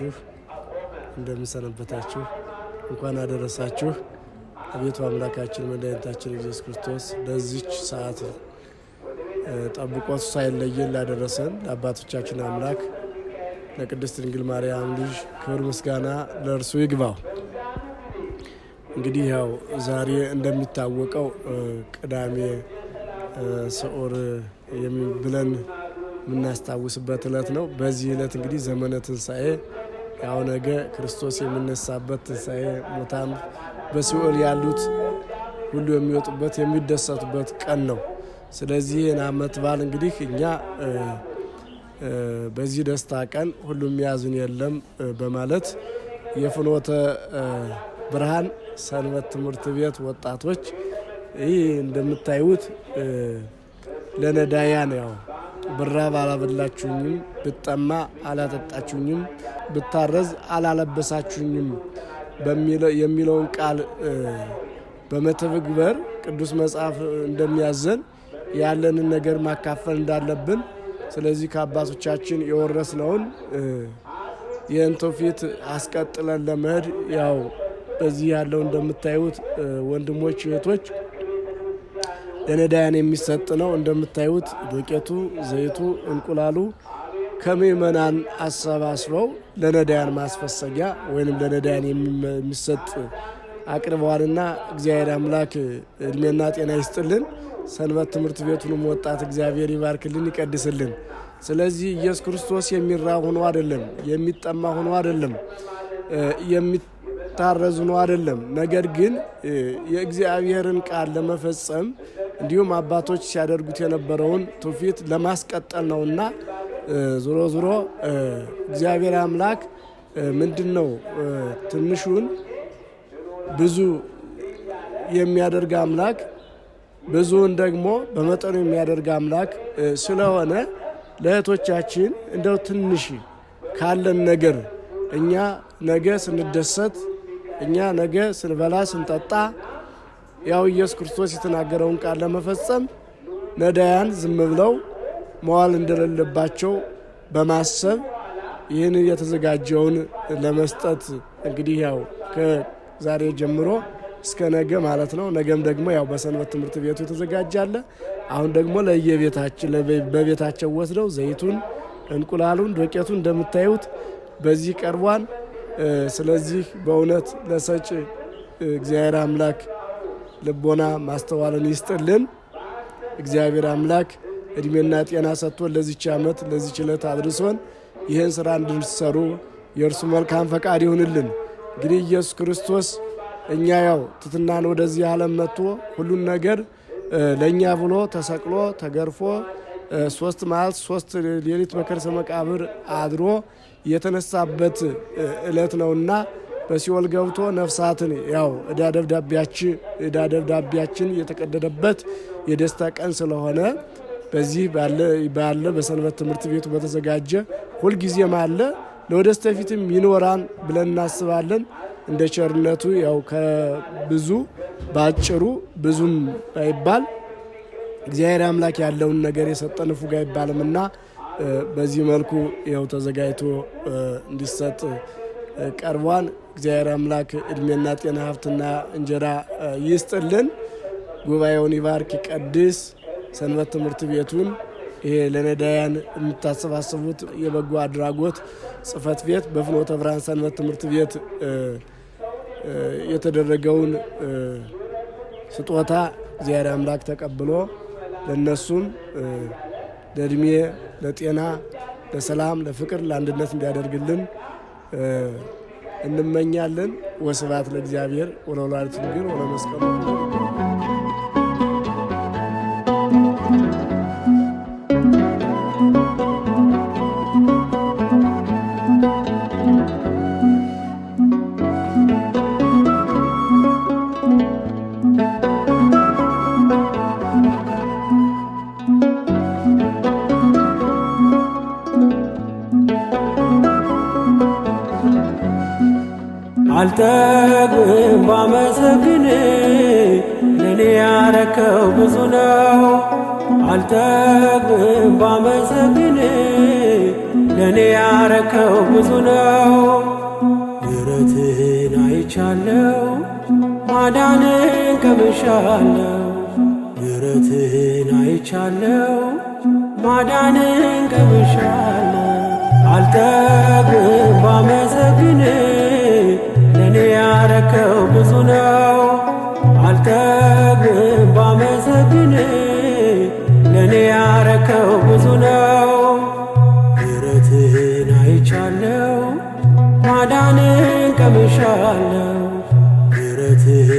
ናችሁ? እንደምንሰነበታችሁ እንኳን አደረሳችሁ። አቤቱ አምላካችን መድኃኒታችን ኢየሱስ ክርስቶስ ለዚች ሰዓት ጠብቆት ሳይለየን ላደረሰን ለአባቶቻችን አምላክ ለቅድስት ድንግል ማርያም ልጅ ክብር ምስጋና ለእርሱ ይግባው። እንግዲህ ያው ዛሬ እንደሚታወቀው ቅዳሜ ስዑር ብለን የምናስታውስበት ዕለት ነው። በዚህ ዕለት እንግዲህ ዘመነ ትንሣኤ ያው ነገ ክርስቶስ የሚነሳበት ትንሣኤ ሙታን በሲኦል ያሉት ሁሉ የሚወጡበት የሚደሰቱበት ቀን ነው። ስለዚህ ይህን ዓመት በዓል እንግዲህ እኛ በዚህ ደስታ ቀን ሁሉም የሚያዝን የለም በማለት የፍኖተ ብርሃን ሰንበት ትምህርት ቤት ወጣቶች ይህ እንደምታዩት ለነዳያን ያው ብራብ አላበላችሁኝም፣ ብጠማ አላጠጣችሁኝም፣ ብታረዝ አላለበሳችሁኝም የሚለውን ቃል በመተግበር ቅዱስ መጽሐፍ እንደሚያዘን ያለንን ነገር ማካፈል እንዳለብን ስለዚህ ከአባቶቻችን የወረስነውን የእንቶ ፊት አስቀጥለን ለመሄድ ያው በዚህ ያለው እንደምታዩት ወንድሞች እህቶች ለነዳያን የሚሰጥ ነው። እንደምታዩት ዱቄቱ፣ ዘይቱ፣ እንቁላሉ ከምእመናን አሰባስበው ለነዳያን ማስፈሰጊያ ወይንም ለነዳያን የሚሰጥ አቅርበዋልና እግዚአብሔር አምላክ እድሜና ጤና ይስጥልን። ሰንበት ትምህርት ቤቱንም ወጣት እግዚአብሔር ይባርክልን፣ ይቀድስልን። ስለዚህ ኢየሱስ ክርስቶስ የሚራ ሆኖ አይደለም፣ የሚጠማ ሆኖ አይደለም፣ የሚታረዝ ሆኖ አይደለም። ነገር ግን የእግዚአብሔርን ቃል ለመፈጸም እንዲሁም አባቶች ሲያደርጉት የነበረውን ትውፊት ለማስቀጠል ነውና ዞሮ ዞሮ እግዚአብሔር አምላክ ምንድን ነው ትንሹን ብዙ የሚያደርግ አምላክ ብዙውን ደግሞ በመጠኑ የሚያደርግ አምላክ ስለሆነ ለእህቶቻችን እንደው ትንሽ ካለን ነገር እኛ ነገ ስንደሰት እኛ ነገ ስንበላ ስንጠጣ ያው ኢየሱስ ክርስቶስ የተናገረውን ቃል ለመፈጸም ነዳያን ዝም ብለው መዋል እንደሌለባቸው በማሰብ ይህን የተዘጋጀውን ለመስጠት እንግዲህ ያው ከዛሬ ጀምሮ እስከ ነገ ማለት ነው። ነገም ደግሞ ያው በሰንበት ትምህርት ቤቱ የተዘጋጀ አሁን ደግሞ ለየቤታችን በቤታቸው ወስደው ዘይቱን፣ እንቁላሉን፣ ዶቄቱን እንደምታዩት በዚህ ቀርቧል ስለዚህ በእውነት ለሰጭ እግዚአብሔር አምላክ ልቦና ማስተዋልን ይስጥልን። እግዚአብሔር አምላክ እድሜና ጤና ሰጥቶ ለዚች ዓመት ለዚች ዕለት አድርሶን ይህን ስራ እንድንሰሩ የእርሱ መልካም ፈቃድ ይሁንልን። እንግዲህ ኢየሱስ ክርስቶስ እኛ ያው ትትናን ወደዚህ ዓለም መጥቶ ሁሉን ነገር ለእኛ ብሎ ተሰቅሎ ተገርፎ ሶስት መዓልት ሶስት ሌሊት በከርሰ መቃብር አድሮ የተነሳበት ዕለት ነውና በሲኦል ገብቶ ነፍሳትን ያው እዳ ደብዳቤያችን የተቀደደበት የደስታ ቀን ስለሆነ በዚህ ባለ በሰንበት ትምህርት ቤቱ በተዘጋጀ ሁልጊዜም አለ ለወደስተፊትም ይኖራን ብለን እናስባለን። እንደ ቸርነቱ ያው ከብዙ ባጭሩ ብዙም ባይባል እግዚአብሔር አምላክ ያለውን ነገር የሰጠን ፉግ አይባልምና በዚህ መልኩ ያው ተዘጋጅቶ እንዲሰጥ ቀርቧል። እግዚአብሔር አምላክ እድሜና ጤና ሀብትና እንጀራ ይስጥልን። ጉባኤውን ይባርክ፣ ይቀድስ። ሰንበት ትምህርት ቤቱን ይሄ ለነዳያን የምታሰባስቡት የበጎ አድራጎት ጽሕፈት ቤት በፍኖተ ብርሃን ሰንበት ትምህርት ቤት የተደረገውን ስጦታ እግዚአብሔር አምላክ ተቀብሎ ለእነሱም ለእድሜ፣ ለጤና፣ ለሰላም፣ ለፍቅር፣ ለአንድነት እንዲያደርግልን እንመኛለን። ወስብሐት ለእግዚአብሔር ወለወላዲቱ ድንግል ወለመስቀሉ አልጠግብም ባመሰግን ለኔ ያረከው ብዙ ነው። አልጠግብም ባመሰግን ለኔ ያረከው ብዙ ነው። ምሕረትህን አይቻለው ማዳንን ቀምሻለው። ምሕረትህን አይቻለው ማዳንን ቀምሻለው። አልጠግብም ባመሰግን ያረከው ብዙ ነው አልጠግብም ባመሰግን ለእኔ ያረከው ብዙ ነው ምሕረትህን አይቻለው ማዳንን ቀምሻለው ምሕረትህ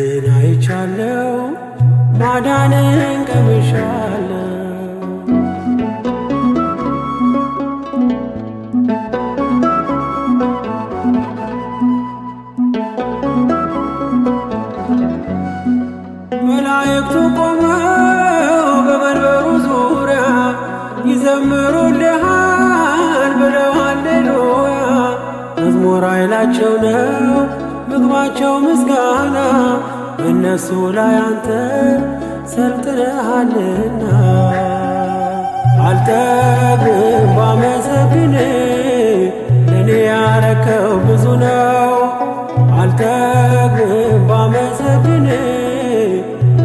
ኃይላቸው ነው ምግባቸው ምስጋና በእነሱ ላይ አንተ ሰልጥነሃልና አልጠግብም ባመሰግን ለእኔ ያረከው ብዙ ነው። አልጠግብም ባመሰግን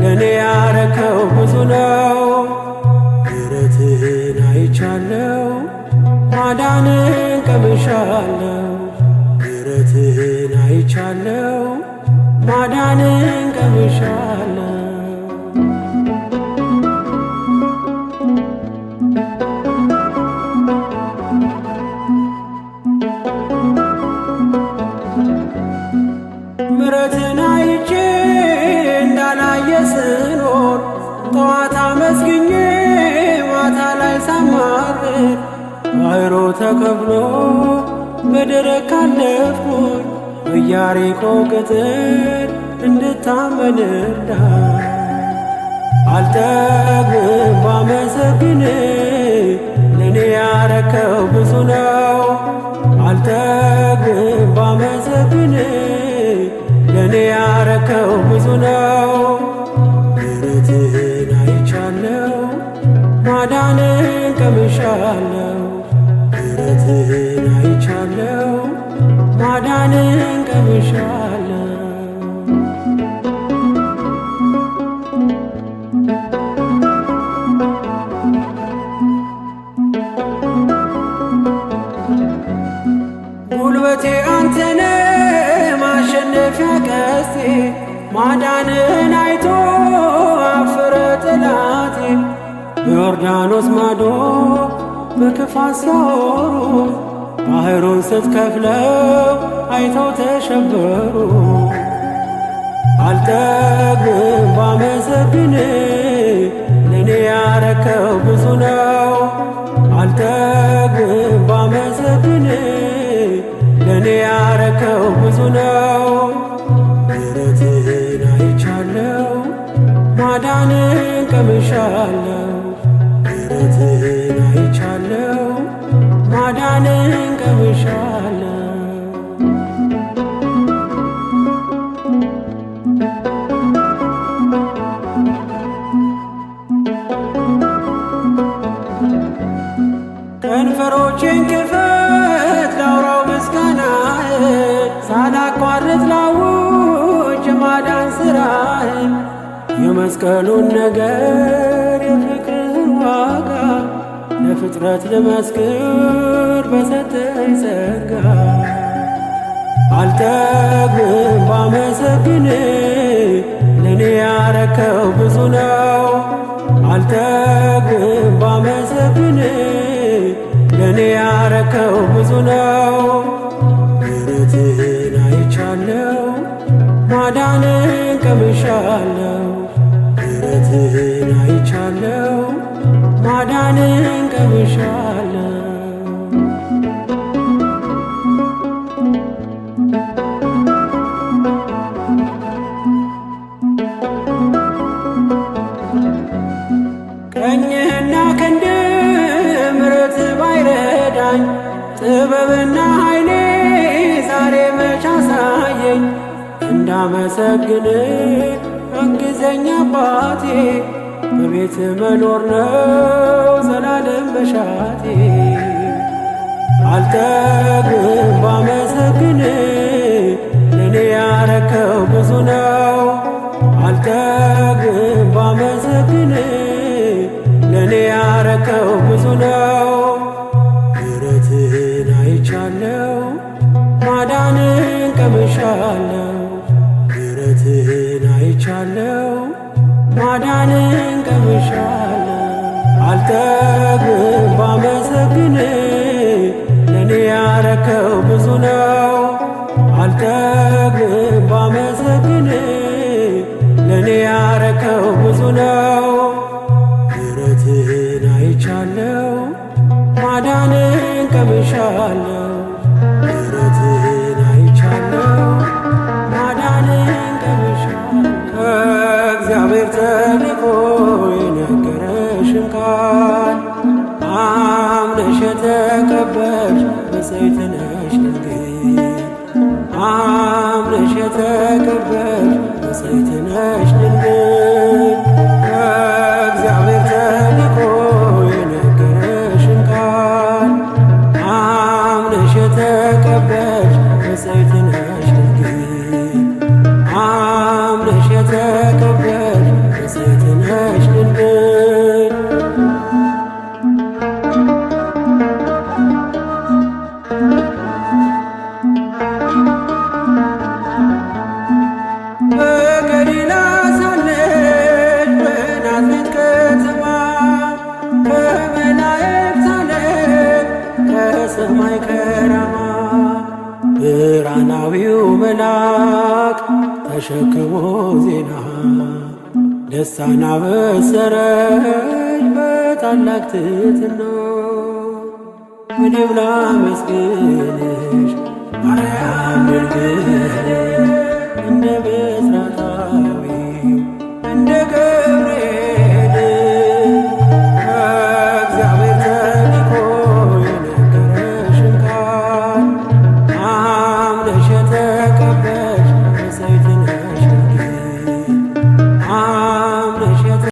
ለእኔ ያረከው ብዙ ነው። ምሕረትህን አይቻለው ማዳንን ቀምሻለው ተቤቻለው ማዳንን ቀምሻለው ምረትን አይቼ እንዳላየ ስኖር ጠዋት አመስግኜ ማታ ላይ ሳማርር ባሕሩ ተከፍሎ በደረቅ ካለፍኩኝ በያሪኮ ቅጥር እንድታመን እርዳኝ። አልጠግብም ባመሰግን ለእኔ ያረከው ብዙ ነው። አልጠግብም ባመሰግን ለእኔ ያረከው ብዙ ነው። ምሕረትህን አይቻለው ማዳንን ቀምሻለው ምሕረትህን አይቻለው ማዳንን ቀምሻለሁ ጉልበቴ አንተነ ማሸነፊያ ቀስቴ ማዳንን አይቶ አፈረ ጠላቴ በዮርዳኖስ ማዶ በክፋት ሲያወሩ ባህሩን ስትከፍለው አይተው ተሸበሩ። አልጠግብም ባመሰግን ለእኔ ያረከው ብዙ ነው። አልጠግብም ባመሰግን ለእኔ ያረከው ብዙ ነው። ምሕረትህን አይቻለው ማዳንን ቀምሻለው ምሕረትህን አይቻለው ማዳንን ቀምሻለሁ ከንፈሮቼን ክፈት ላውራው ምስጋና ሳላቋርጥ ላውጅ የማዳን ስራ የመስቀሉን ነገር የፍቅር ዋጋ ለፍጥረት ልመስክር በሰጠኝ ጸጋ አልጠግብም ባመሰግን ለእኔ ያረከው ብዙ ነው። አልጠግብም ባመሰግን ለእኔ ያረከው ብዙ ነው። ምሕረትህን አይቻለው ማዳንን ቀምሻለው ምሕረትህን አይቻለው ማዳንን ቀምሻለሁ ቀኝህና ክንድ ምረት ባይረዳኝ ጥበብና ኃይሌ ዛሬ መቻ ሳየኝ እንዳመሰግን አግዘኝ አባቴ በቤት መኖር ነው ዘላለም በሻቴ አልጠግብም ባመሰግን በሰይትነሽ ድንግል አምነሽ የተቀበልሽ በሰይትነሽ ድንግል እግዚአብሔር ተልኮ የነገረሽን ቃል አምነሽ የተቀበልሽ ተሸክሞ ዜና ደስታን አበሰረኝ በታላቅ ትሕትና ወደብላ መስገን